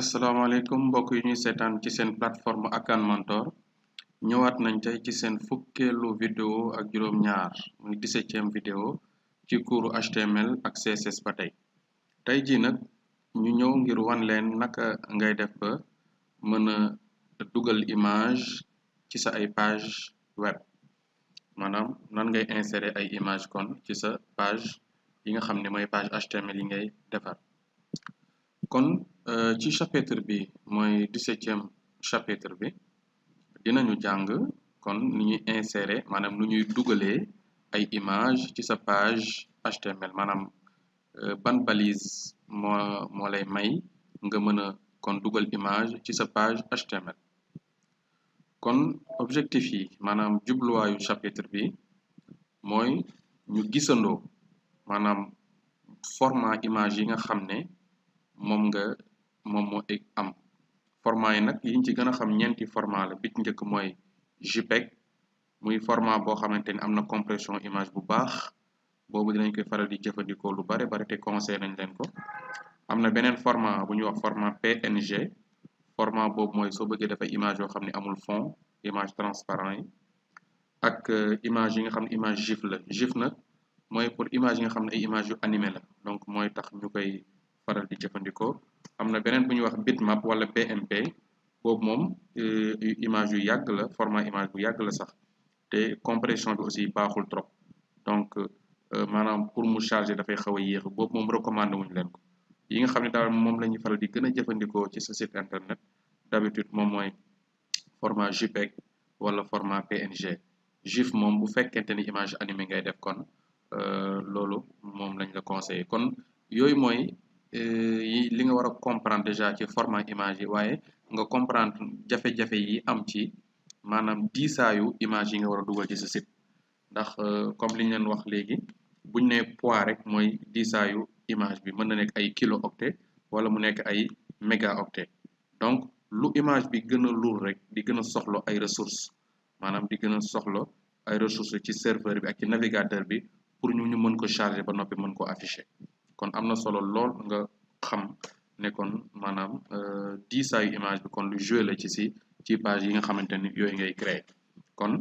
asalaamaaleykum mbokk yu ñuy seetaan ci seen plateforme Akan Mentor ñëwaat nañ tey ci seen fukkeelu vidéo ak juróom-ñaar muy dix-septième vidéo ci kuuru HTML ak CSS ba tey tey jii nag ñu ñëw ngir wan leen naka ngay def ba mën a dugal image ci sa ay page web maanaam nan ngay insérer ay image kon ci sa page yi nga xam ne mooy page HTML yi ngay defar kon euh, ci chapitre bi mooy dix-septième chapitre bi dinañu jàng kon nu ñuy insérer maanaam nu ñuy dugalee ay image ci sa page HTML maanaam euh, ban balise moo moo lay may nga mën a kon dugal image ci sa page HTML kon objectif yi maanaam jubluwaayu chapitre bi mooy ñu gisandoo maanaam format image yi nga xam ne moom nga moom moo e-, am format yi nag yiñ ci gën a xam ñeenti format la bi ci njëkk mooy JPEG muy format boo xamante ni am na compression image bu baax boobu dinañ koy faral di jëfandikoo lu bare bare te conseil nañ leen ko am na beneen format bu ñuy wax format PNG format boobu mooy soo bëggee dafay image yoo xam ne amul fond image transparent yi ak euh, image yi nga xam ne image GIF la GIF nag mooy pour image yi nga xam ne ay image yu animé la donc mooy tax ñu koy faral di jëfandikoo am na beneen bu ñuy wax bitmap wala PMP boobu moom euh, image yu yàgg la format image bu yàgg la sax te compression bi aussi baaxul trop donc euh, maanaam pour mu charger dafay xaw a yéex boobu moom recommandé wuñu leen ko yi nga xam ne daal moom la ñuy faral di gën a jëfandikoo ci sa site internet d'habitude moom mooy format JPEG wala format PNG GIF moom bu fekkente ni image animée ngay def kon euh, loolu moom lañ la conseillé kon yooyu mooy Euh, li nga war a comprendre déjà ci format image yi waaye nga comprendre jafe-jafe yi am ci maanaam diisaayu image yi nga war a dugal ci sa site ndax euh, comme li ñu leen wax léegi buñ ne pois rek mooy diisaayu image bi mën na nekk ay kilo octet wala mu nekk ay méga octet donc lu image bi gën a lourd rek di gën a soxla ay ressources maanaam di gën a soxla ay ressources ci serveur bi ak ci navigateur bi pour ñu ñu mën ko charger ba noppi mën ko afficher kon am na solo lool nga xam ne kon maanaam euh, diisaayu image bi kon lu joué le ci si ci page yi nga xamante ni yooyu ngay créer kon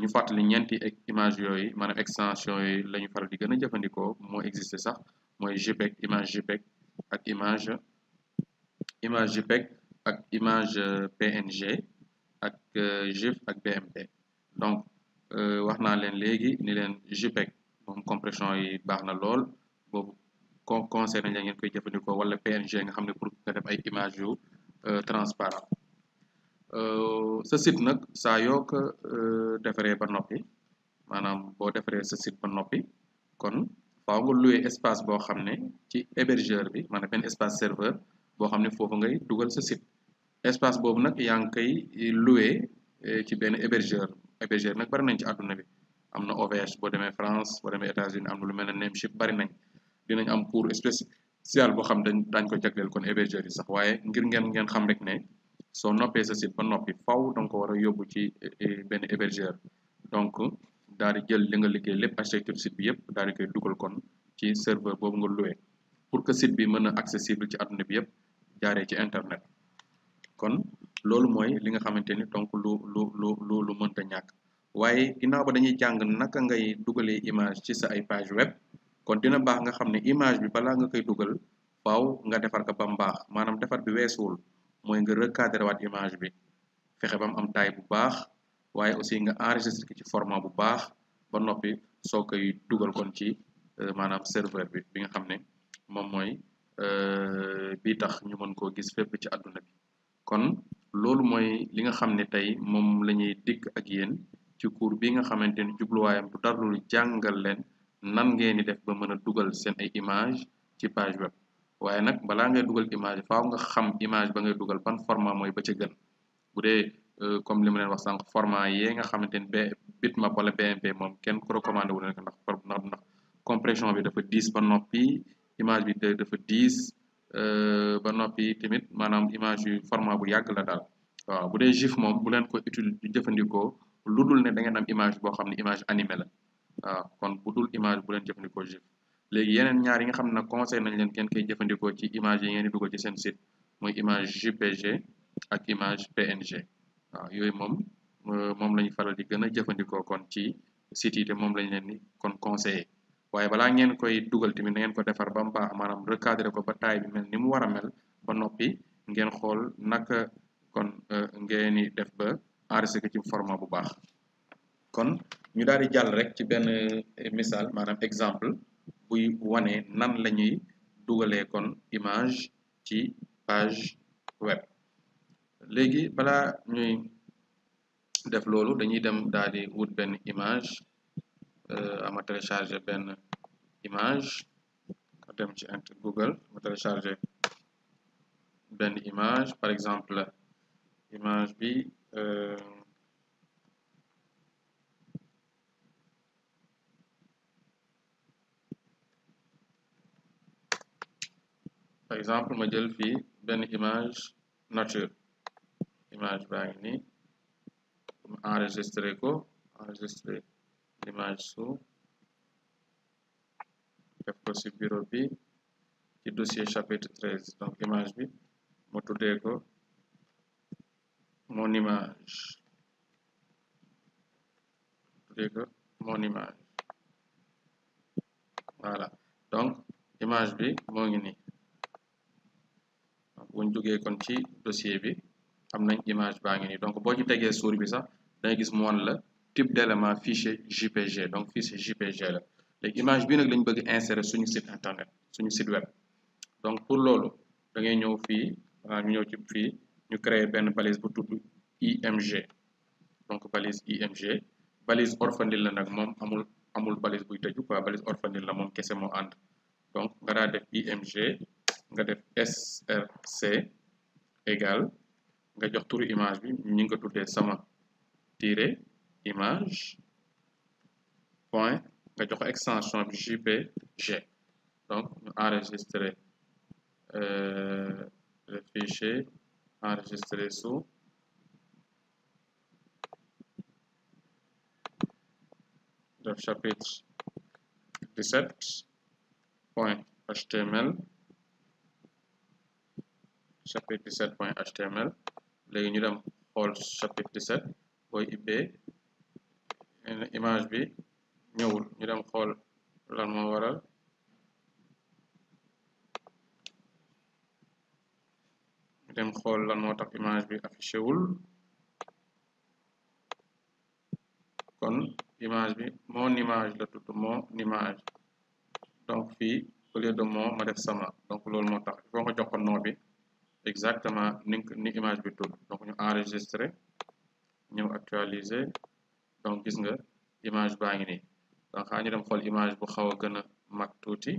ñu fàttali ñeenti e-, image yooyu maanaam extension yooyu la ñu faral di gën a jëfandikoo moo existe sax mooy JPEG image JPEG ak image image JPEG ak image euh, PNG ak euh, GIF ak BMP donc wax naa leen léegi ni leen JPEG moom compression yi baax na lool boobu kon conseil nañ la ngeen koy jëfandikoo wala PNG nga xam ne pour nga def ay image yu euh, transparent euh, sa site nag saa yoo ko euh, defaree ba noppi maanaam boo defaree sa site ba noppi kon faaw nga louer espace boo xam ne ci hébergeur bi maanaam benn espace serveur boo xam ne foofu ngay dugal sa site espace boobu nag yaa ngi koy louer ci benn hébergeur hébergeur nag bari nañ ci àdduna bi am na OVH boo demee France boo demee États-Unis am na lu mel ne Namecheap bari nañ dinañ am cours spécial bo xam dañ daañ ko jagleel kon hébergeur yi sax waaye ngir ngeen ngeen xam rek ne soo noppee sa site ba noppi faw danga ko war a yóbbu ci eh, eh, benn hébergeur donc daal di jël li nga liggéey lépp architecture site bi yëpp daal di koy dugal kon ci serveur boobu nga loué pour que site bi mën a accessible ci adna bi yëpp jaaree ci internet kon loolu mooy li nga xamante ni donc lu lu lu lu lu mënta ñàkk waaye ginnaaw ba dañuy jàng naka ngay dugalee image ci sa ay page kon dina baax nga xam ne image bi balaa nga koy dugal faaw nga defar ko ba mu baax maanaam defar bi weesuwul mooy nga recadré waat image bi fexe ba mu am taille bu baax waaye aussi nga enregistré ko ci format bu baax ba noppi soo koy dugal kon ci euh, maanaam serveur bi bi nga xam ne moom mooy euh, bii tax ñu mën koo gis fépp ci àdduna bi kon loolu mooy li nga xam ne tey moom la ñuy dikk ak yéen ci cours bi nga xamante ni jubluwaayam bu dara lu jàngal leen nan ngeen di def ba mën a dugal seen ay image ci page web waaye nag balaa ngay dugal image faaw nga xam image ba ngay dugal ban forma mooy ba ca gën bu dee euh, comme li ma leen wax sànq format yee nga xamante ni bitmap wala BMP moom kenn ku recommandé wu leen ndax ndax ndax compression bi dafa diis ba noppi image bi dafa diis euh, ba noppi tamit maanaam image yu format bu yàgg la daal waaw bu dee GIF moom bu leen ko utile jëfandikoo lu dul ne da ngeen am image boo xam ne image animée la. waaw kon bu dul image buleen leen jëfandikoo GIF léegi yeneen ñaar yi nga xam ne nag conseil nañ leen kenn koy jëfandikoo ci image yi ngeen di dugal ci seen site muy image JPG ak image PNG waaw yooyu moom euh, moom la ñu faral di gën a jëfandikoo kon ci site yi te moom lañ leen ni kon conseiller waaye balaa ngeen koy dugal tamit na ngeen ko defar ba mu baax maanaam recadrer ko ba taay bi mel ni mu war a mel ba noppi ngeen xool naka kon euh, ngeen di def ba enregistré ko ci format bu baax. kon ñu daal di jàll rek ci benn eh, misaal maanaam exemple buy wane nan la ñuy dugalee kon image ci page web léegi balaa ñuy def loolu dañuy dem daal di wut benn image euh, ama télécharger benn image a dem ci int Google ma télécharger benn image par exemple image bi. Euh, par exemple ma jël fii benn image nature image baa ngi nii ma enregistré ko enregistré l'image su def ko ci bi ci dossier chapitre treize donc image bi ma tuddee ko mon image mon image voilà donc image bi moo ngi nii buñ jógee kon ci dossier bi am nañ image baa ngi nii donc boo ci tegee suur bi sax dangay gis mu wan la type d' élément fichier JPG donc fichier JPG la léegi image bi nag lañ bëgg insérer suñu site internet suñu site web donc pour loolu da ngay ñëw fii waa ñu ñëw ci fii ñu créer benn balise bu tudd IMG donc balise IMG balise orphanil la nag moom amul amul balise buy tëju quoi balise orphanil la moom kese moo ànd donc nga daa def IMG nga def src égal nga jox turu image bi ñu ngi ko tuddee sama tiré image point nga jox extension bi jpg donc ñu enregistré euh, le fichier enregistré sous def chapitre 17 html chapitre 17 point html léegi ñu dem xool chapitre 17 booy ibbee image bi ñëwul ñu dem xool lan moo waral ñu dem xool lan moo tax image bi affiché kon image bi mo image la mo mon donc fii au lieu de mon ma def sama donc loolu moo tax il faut nga jox ko bi exactement ni ni image bi tudd donc ñu enregistré ñëw actualiser donc gis nga image baa ngi nii donc xaa ñu dem xool image bu xaw a gën a mag tuuti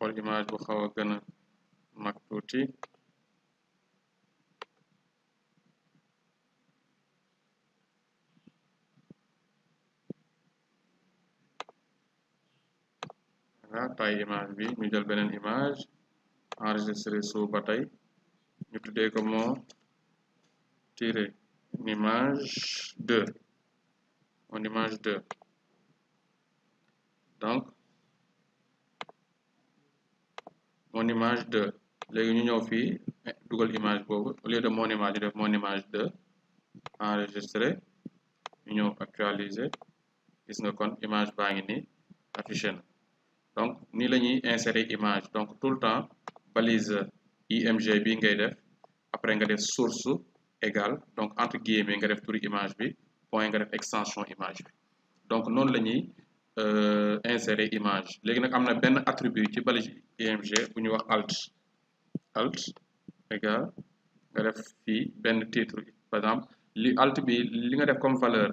xool image bu xaw a gën a tuuti taay image bi ñu jël beneen image enregistré sous ba ñu tuddee ko moo tiré une image 2 une image 2 donc mon image 2 ñu ñëw fii dugal image boobu au lieu de mon image ñu def mon image 2 enregistré ñu ñëw actualiser gis nga kon image baa ngi nii affiché donc nii la ñuy insérer image donc tout le temps balise img bi ngay def après nga def source égale donc entre guillemets nga def turu image bi point nga def extension image bi donc noonu la ñuy euh, insérer image léegi nag am na benn attribut ci balise img bu ñuy wax alt alt égale nga def fii benn titre par exemple li alt bi li nga def comme valeur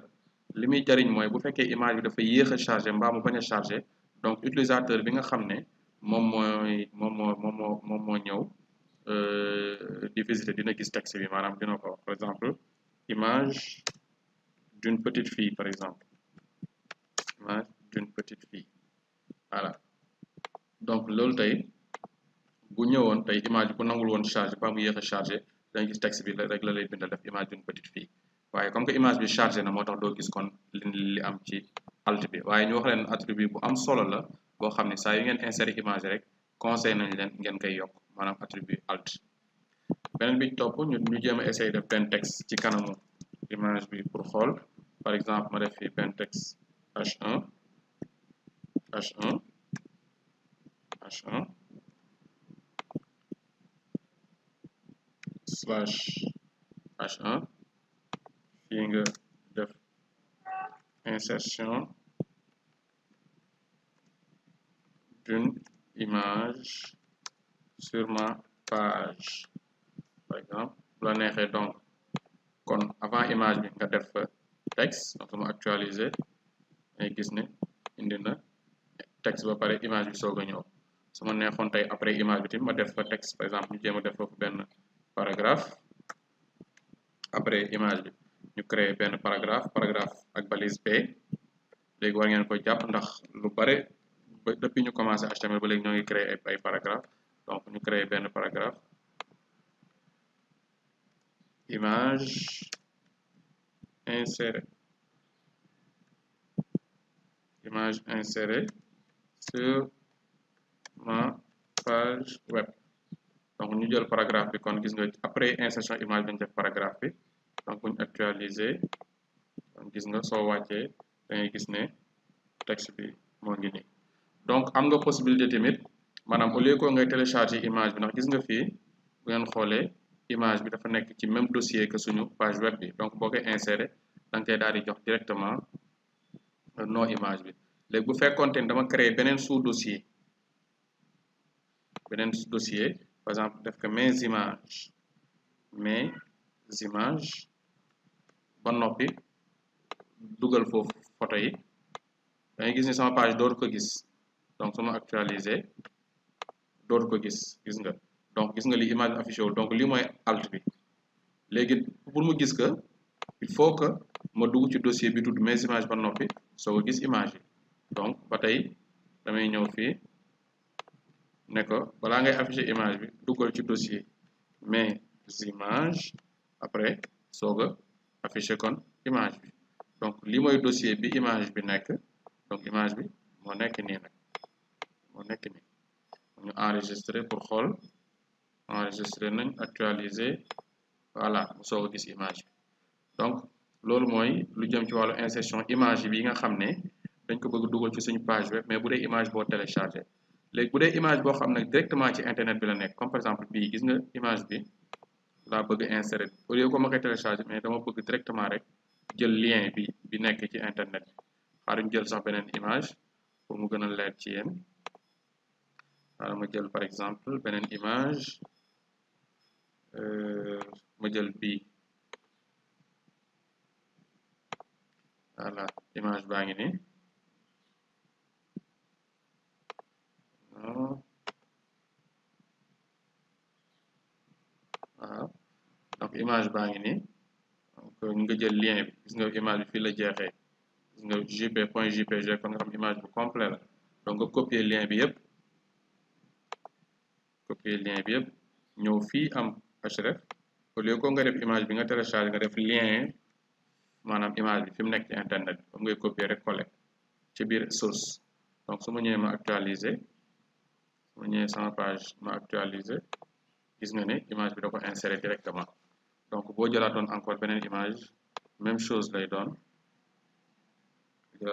li muy jariñ mooy bu fekkee image bi dafa yéex a chargé mbaa mu bañ a chargé donc utilisateur bi nga xam ne moom mooy moom moo moom moo moom moo ñëw euh, di visiter dina gis texte bi maanaam dina ko par exemple image d'une petite par exemple image d'une petite fille voilà donc loolu tey bu ñëwoon tey image bu nangul woon chargé ba mu yéex a gis texte bi rek la lay bindal def image d'une petite fille waaye comme que image bi chargé na moo tax doo gis kon li am ci bi waaye ñu wax leen attribut bu am solo la boo xam ne saa yu ngeen insérer image rek conseil nañ leen ngeen koy yokk maanaam attribut alt beneen bi topp ñu ñu jéem a essayer def benn ci kanamu image bi pour xool par exemple ma def fi benn h1 fii nga def insertion d'une image sur ma page par exemple bu la neexee donc kon avant image bi nga def fa texte donc sama actualiser ngay gis ne indi na texte ba pare image bi soog a ñëw su ma neexoon tey après image bi tamit ma def fa texte par exemple ñu jéem a def foofu benn paragraphe après image bi ñu créer benn paragraphe paragraphe ak balise B léegi war ngeen ko ndax lu bare depuis ñu commencé HTML ba léegi ñoo ngi créé ay ay paragraphe donc ñu créé benn paragraphe image insérée image sur ma page web donc ñu jël paragraphe bi kon gis nga après insertion image dañ def paragraphe bi donc bu actualiser kon gis nga soo wàccee da gis ne texte bi moo donc am nga possibilité tamit maanaam au lieu que ngay télécharger image bi ndax gis nga fii bu ngeen xoolee image bi dafa nekk ci même dossier que suñu page web bi donc boo koy insérer da koy daal di jox directement euh, no image bi léegi bu fekkoonte ni dama créer beneen sous dossier beneen dossier par exemple def ko mais images mais images ba noppi dugal foofu photo yi da gis ni sama page dootu ko gis donc sama actualiser dootu ko gis gis nga donc gis nga li image affiché wu donc lii mooy alt bi léegi pour mu gis que il faut que ma dugg ci dossier bi tudd mes images ba noppi soo gis image yi donc ba tey damay ñëw fii ne ko balaa ngay affiché image bi duggal ci dossier mes images après soo ko affiché kon image bi donc lii mooy dossier bi image bi nekk donc image bi moo nekk nii nag moo nekk ni ñu enregistré pour xool enregistré nañ actualiser voilà mu soog gis image bi donc loolu mooy lu jëm ci wàllu insertion image bi nga xam ne dañ ko bëgg dugal ci suñu page web mais bu dee image boo téléchargé léegi bu de image boo xam ne directement ci internet bi la nekk comme par exemple bii gis nga image bi la bëgg insérer au lieu ko ma koy téléchargé mais dama bëgg directement rek jël lien bi bi nekk ci internet bi xaaruñ jël sax beneen image pour mu gën a leer ci yéen wala ma jël par exemple beneen image euh, ma jël bii voilà image baa ngi nii waaw donc image baa ngi nii euh, nga jël lien bi gis nga image bi fii la jeexe gis nga jp point jpg kon nga xam image bu complet la donc nga copier lien bi yëpp copier lien bi yëpp ñëw fii am href au lieu ko nga def image bi nga télécharge nga def lien maanaam image bi fi mu nekk ci internet moom ngay copier rek collect ci biir source donc su ma ñëwee ma actualiser su ma ñëwee sama ma actualiser gis nga ne image bi da ko insérer directement donc boo jëlaatoon encore beneen image même chose lay doon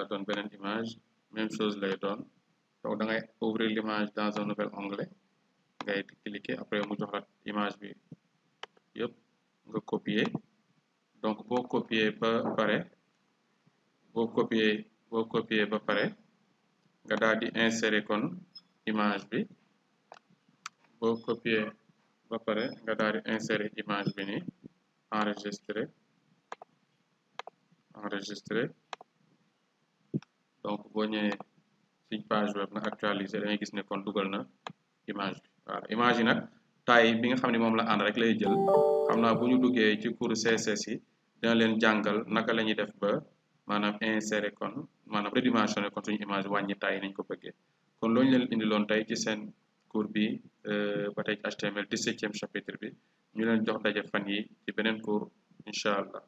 ton beneen image même chose lay doon donc da ngay ouvrir l'image dans un nouvel onglet ngay cliquer après mu jox la image bi yëpp nga copier donc boo copier ba pare boo copier boo copier ba pare nga daal di kon image bi boo copier ba pare nga daal di image bi ni enregistrer enregistrer donc boo ñëwee ci page web nga actualiser da ngay gis ne kon dugal na image bi waaw image yi nag taille bi nga xam ne moom la ànd rek lay jël xam naa bu ñu duggee ci cours CSS yi dina leen jàngal naka la ñuy def ba maanaam insérer kon maanaam redimensionner kon suñu image wàññi taille nañ ko bëggee kon looñu leen indi loon tey ci seen cours bi euh, ba tey ci HTML 17e chapitre bi ñu leen jox daje fan yi ci beneen cours incha allah